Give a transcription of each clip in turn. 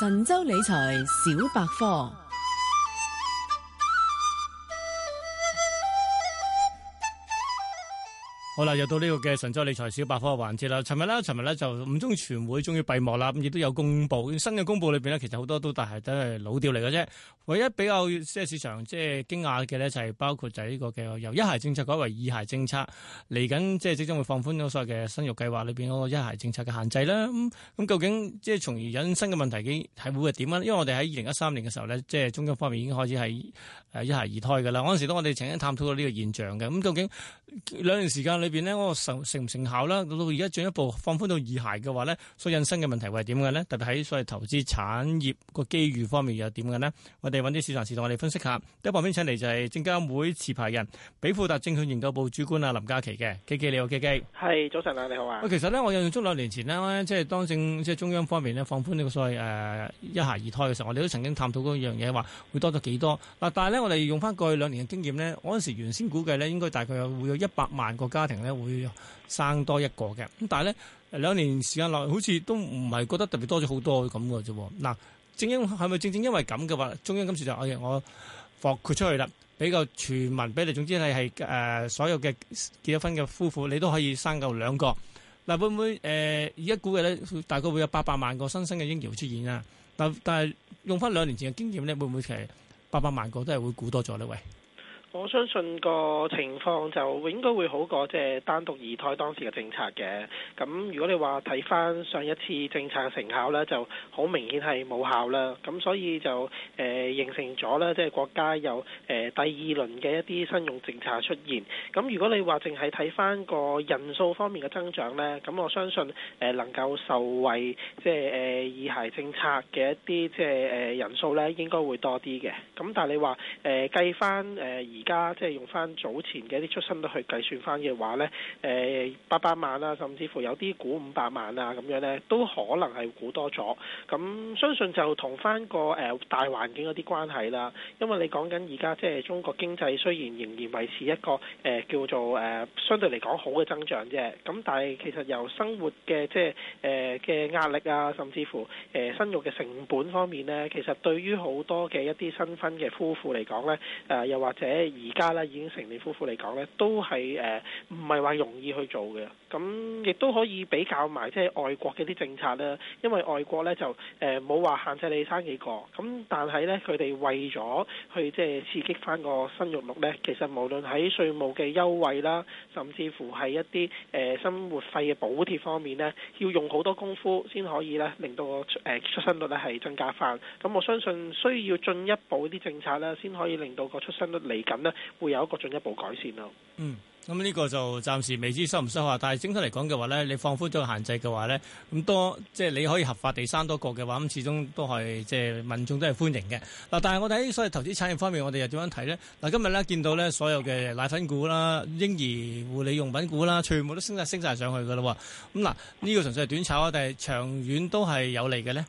神州理財小百科。好啦，又到呢個嘅神州理財小百科嘅環節啦。尋日啦，尋日咧就五中全會，終於閉幕啦，咁亦都有公布新嘅公布裏邊呢，其實好多都但係都係老調嚟嘅啫。唯一比較即係市場即係驚訝嘅咧，就係、是就是、包括就係呢個嘅由一孩政策改為二孩政策嚟緊，即係即將會放寬咗所有嘅生育計劃裏邊嗰個一孩政策嘅限制啦。咁、嗯嗯、究竟即係從而引申嘅問題，幾係會係點啊？因為我哋喺二零一三年嘅時候咧，即、就、係、是、中央方面已經開始係誒一孩二胎噶啦。嗰陣時都我哋曾經探討過呢個現象嘅。咁、嗯、究竟兩段時間邊咧我成唔成效啦？到到而家進一步放寬到二孩嘅話呢所以引申嘅問題係點嘅呢？特別喺所謂投資產業個機遇方面又點嘅呢？我哋揾啲市場時同我哋分析一下。第一旁邊請嚟就係證監會持牌人比富達證券研究部主管啊林家麒嘅，K K 你好，K K。係早晨啊，你好啊。其實呢，我印用足兩年前咧，即係當政即係中央方面呢，放寬呢個所謂誒一孩二胎嘅時候，我哋都曾經探討嗰樣嘢，話會多咗幾多。嗱，但係呢，我哋用翻過去兩年嘅經驗咧，嗰陣時原先估計呢，應該大概會有一百萬個家庭。咧，會生多一個嘅，咁但係咧，兩年時間內好似都唔係覺得特別多咗好多咁嘅啫。嗱、啊，正因係咪正正因為咁嘅話，中央今次就哎呀我放寬出去啦，比較全民比例，總之係係誒所有嘅結咗婚嘅夫婦，你都可以生夠兩個。嗱、啊，會唔會誒而家估計咧，大概會有八百萬個新生嘅嬰兒出現啊？但但係用翻兩年前嘅經驗咧，會唔會其實八百萬個都係會估多咗呢？喂？我相信個情況就應該會好過即係單獨二胎當時嘅政策嘅。咁如果你話睇翻上一次政策嘅成效呢，就好明顯係冇效啦。咁所以就誒形成咗呢，即係國家有誒第二輪嘅一啲新用政策出現。咁如果你話淨係睇翻個人數方面嘅增長呢，咁我相信誒能夠受惠即係誒二孩政策嘅一啲即係誒人數呢應該會多啲嘅。咁但係你話誒計翻誒而家即係用翻早前嘅一啲出生率去計算翻嘅話呢，誒八百萬啦、啊，甚至乎有啲估五百萬啊，咁樣呢，都可能係估多咗。咁相信就同翻個誒大環境嗰啲關係啦，因為你講緊而家即係中國經濟雖然仍然維持一個誒、呃、叫做誒、呃、相對嚟講好嘅增長啫，咁但係其實由生活嘅即係誒嘅壓力啊，甚至乎誒、呃、生育嘅成本方面呢，其實對於好多嘅一啲新婚嘅夫婦嚟講呢，誒、呃、又或者，而家咧已經成年夫婦嚟講咧，都係誒唔係話容易去做嘅。咁亦都可以比較埋即係外國嘅啲政策啦，因為外國呢就冇話限制你生幾個，咁但係呢，佢哋為咗去即係刺激翻個生育率呢，其實無論喺稅務嘅優惠啦，甚至乎喺一啲生活費嘅補貼方面呢，要用好多功夫先可以呢令到個出生率呢係增加翻。咁我相信需要進一步啲政策呢，先可以令到個出生率嚟緊呢會有一個進一步改善咯。嗯。咁呢個就暫時未知收唔收啊，但係整體嚟講嘅話呢你放寬咗限制嘅話呢咁多即係你可以合法地生多個嘅話，咁始終都係即係民眾都係歡迎嘅。嗱，但係我哋喺所謂投資產業方面，我哋又點樣睇呢？嗱，今日呢，見到呢所有嘅奶粉股啦、嬰兒護理用品股啦，全部都升晒升晒上去噶啦喎。咁嗱，呢個純粹係短炒啊，但係長遠都係有利嘅呢。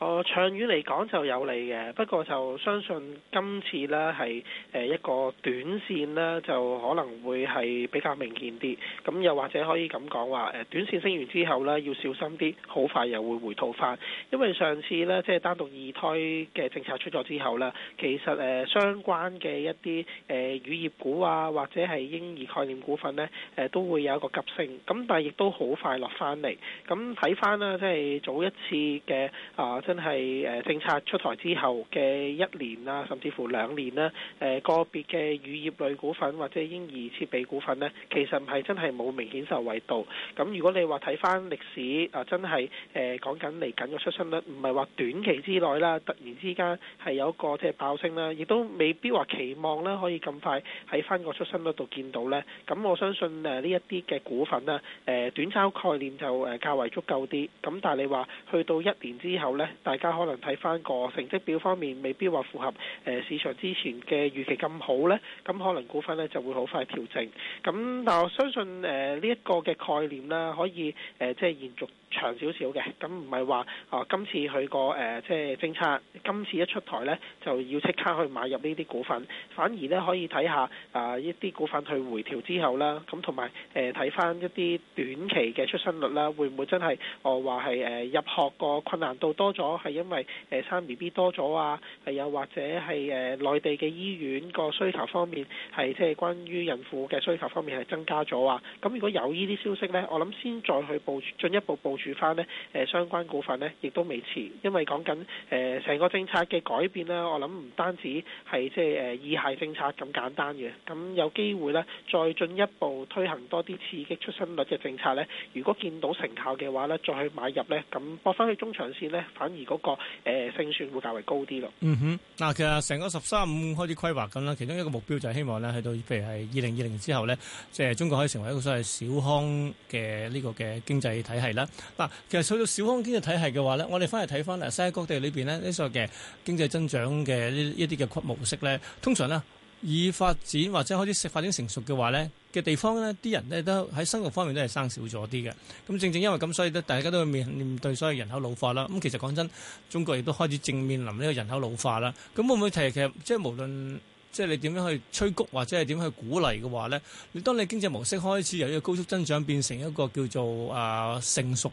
呃、長遠嚟講就有利嘅，不過就相信今次呢係一個短線呢就可能會係比較明顯啲，咁又或者可以咁講話短線升完之後呢，要小心啲，好快又會回吐翻，因為上次呢，即係單獨二胎嘅政策出咗之後呢，其實相關嘅一啲誒乳業股啊或者係嬰兒概念股份呢，呃，都會有一個急升，咁但係亦都好快落翻嚟，咁睇翻啦即係早一次嘅啊。呃真係誒政策出台之後嘅一年啦，甚至乎兩年啦，誒個別嘅乳業類股份或者嬰兒設備股份呢，其實係真係冇明顯受惠到。咁如果你話睇翻歷史啊，真係誒講緊嚟緊個出生率，唔係話短期之內啦，突然之間係有個即係爆升啦，亦都未必話期望啦可以咁快喺翻個出生率度見到呢。咁我相信誒呢一啲嘅股份啦，短炒概念就誒較為足夠啲。咁但係你話去到一年之後呢。大家可能睇翻個成績表方面，未必話符合市場之前嘅預期咁好呢，咁可能股份呢就會好快調整。咁但我相信呢一、呃一個嘅概念啦，可以即係、呃即係、延續，長少少嘅，咁唔係話啊今次佢個、呃、即係政策，今次一出台呢，就要即刻去買入呢啲股份，反而呢，可以睇下啊一啲股份去回調之後啦，咁同埋睇翻一啲短期嘅出生率啦，會唔會真係我話係入學個困難度多咗，係因為誒、呃、生 B B 多咗啊？係又或者係誒內地嘅醫院個需求方面係即係關於孕婦嘅需求方面係增加咗啊？咁如果有呢啲消息呢，我諗先再去報進一步報住翻呢誒相關股份呢，亦都未遲，因為講緊誒成個政策嘅改變呢，我諗唔單止係即係誒二孩政策咁簡單嘅，咁有機會呢，再進一步推行多啲刺激出生率嘅政策呢。如果見到成效嘅話呢，再去買入呢，咁博翻去中長線呢，反而嗰個誒勝算會較為高啲咯。嗯哼，嗱、啊，其實成個十三五開始規劃咁啦，其中一個目標就係希望呢，去到譬如係二零二零之後呢，即係中國可以成為一個所謂小康嘅呢個嘅經濟體系啦。嗯。嗱，其實去到小康經濟體系嘅話咧，我哋翻嚟睇翻啦，世界各地裏邊呢，所謂嘅經濟增長嘅一啲嘅模式咧，通常呢，以發展或者開始成發展成熟嘅話咧嘅地方咧，啲人咧都喺生活方面都係生少咗啲嘅。咁正正因為咁，所以都大家都會面面對，所謂人口老化啦。咁其實講真，中國亦都開始正面臨呢個人口老化啦。咁會唔會提？其實即係無論？即係你點樣去催谷或者係點去鼓勵嘅話咧？你當你的經濟模式開始由一個高速增長變成一個叫做啊、呃、成熟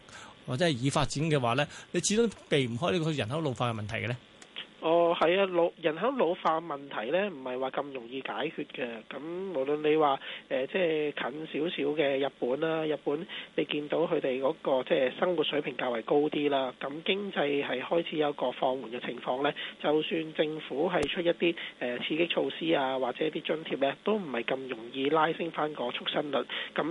或者係已發展嘅話咧，你始終避唔開呢個人口老化嘅問題嘅咧。哦。哦，係啊，老人口老化問題呢，唔係話咁容易解決嘅。咁無論你話誒，即係近少少嘅日本啦，日本你見到佢哋嗰個即係生活水平較為高啲啦，咁經濟係開始有一個放緩嘅情況呢，就算政府係出一啲誒刺激措施啊，或者一啲津貼呢，都唔係咁容易拉升翻個出生率。咁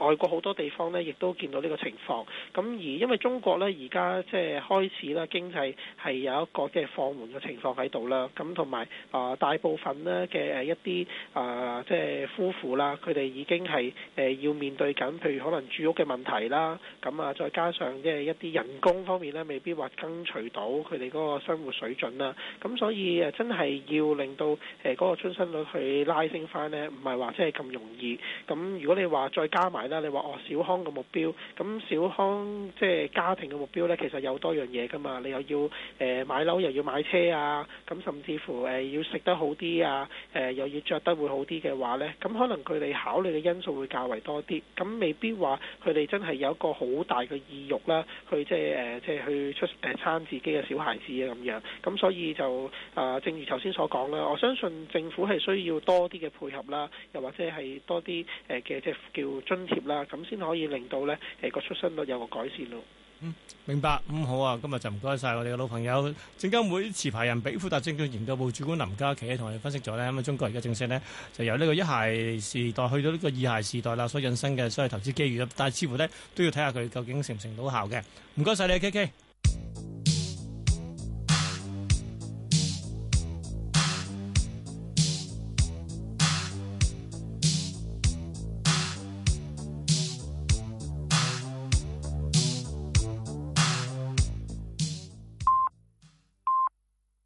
而外國好多地方呢，亦都見到呢個情況。咁而因為中國呢，而家即係開始啦，經濟係有一個即係放緩嘅情情況喺度啦，咁同埋啊，大部分呢嘅一啲啊，即係夫婦啦，佢哋已經係誒要面對緊，譬如可能住屋嘅問題啦，咁啊，再加上即係一啲人工方面呢，未必話跟隨到佢哋嗰個生活水準啦，咁所以誒真係要令到誒嗰個出生率去拉升翻呢，唔係話即係咁容易。咁如果你話再加埋啦，你話哦小康嘅目標，咁小康即係家庭嘅目標呢，其實有多樣嘢噶嘛，你又要誒買樓又要買車啊。啊，咁甚至乎誒要食得好啲啊，誒、呃、又要着得會好啲嘅話呢，咁可能佢哋考慮嘅因素會較為多啲，咁未必話佢哋真係有一個好大嘅意欲啦，去即係誒即係去出誒生自己嘅小孩子啊咁樣，咁所以就啊、呃、正如頭先所講啦，我相信政府係需要多啲嘅配合啦，又或者係多啲誒嘅即係叫津貼啦，咁先可以令到呢誒個、呃、出生率有個改善咯。嗯，明白咁、嗯、好啊！今日就唔該晒我哋嘅老朋友證監會持牌人比富達證券研究部主管林家麒，同我哋分析咗呢。咁啊中國而家正式呢，就由呢個一孩時代去到呢個二孩時代啦，所引申嘅所謂投資機遇啦。但係似乎呢，都要睇下佢究竟成唔成到效嘅。唔該晒你，KK。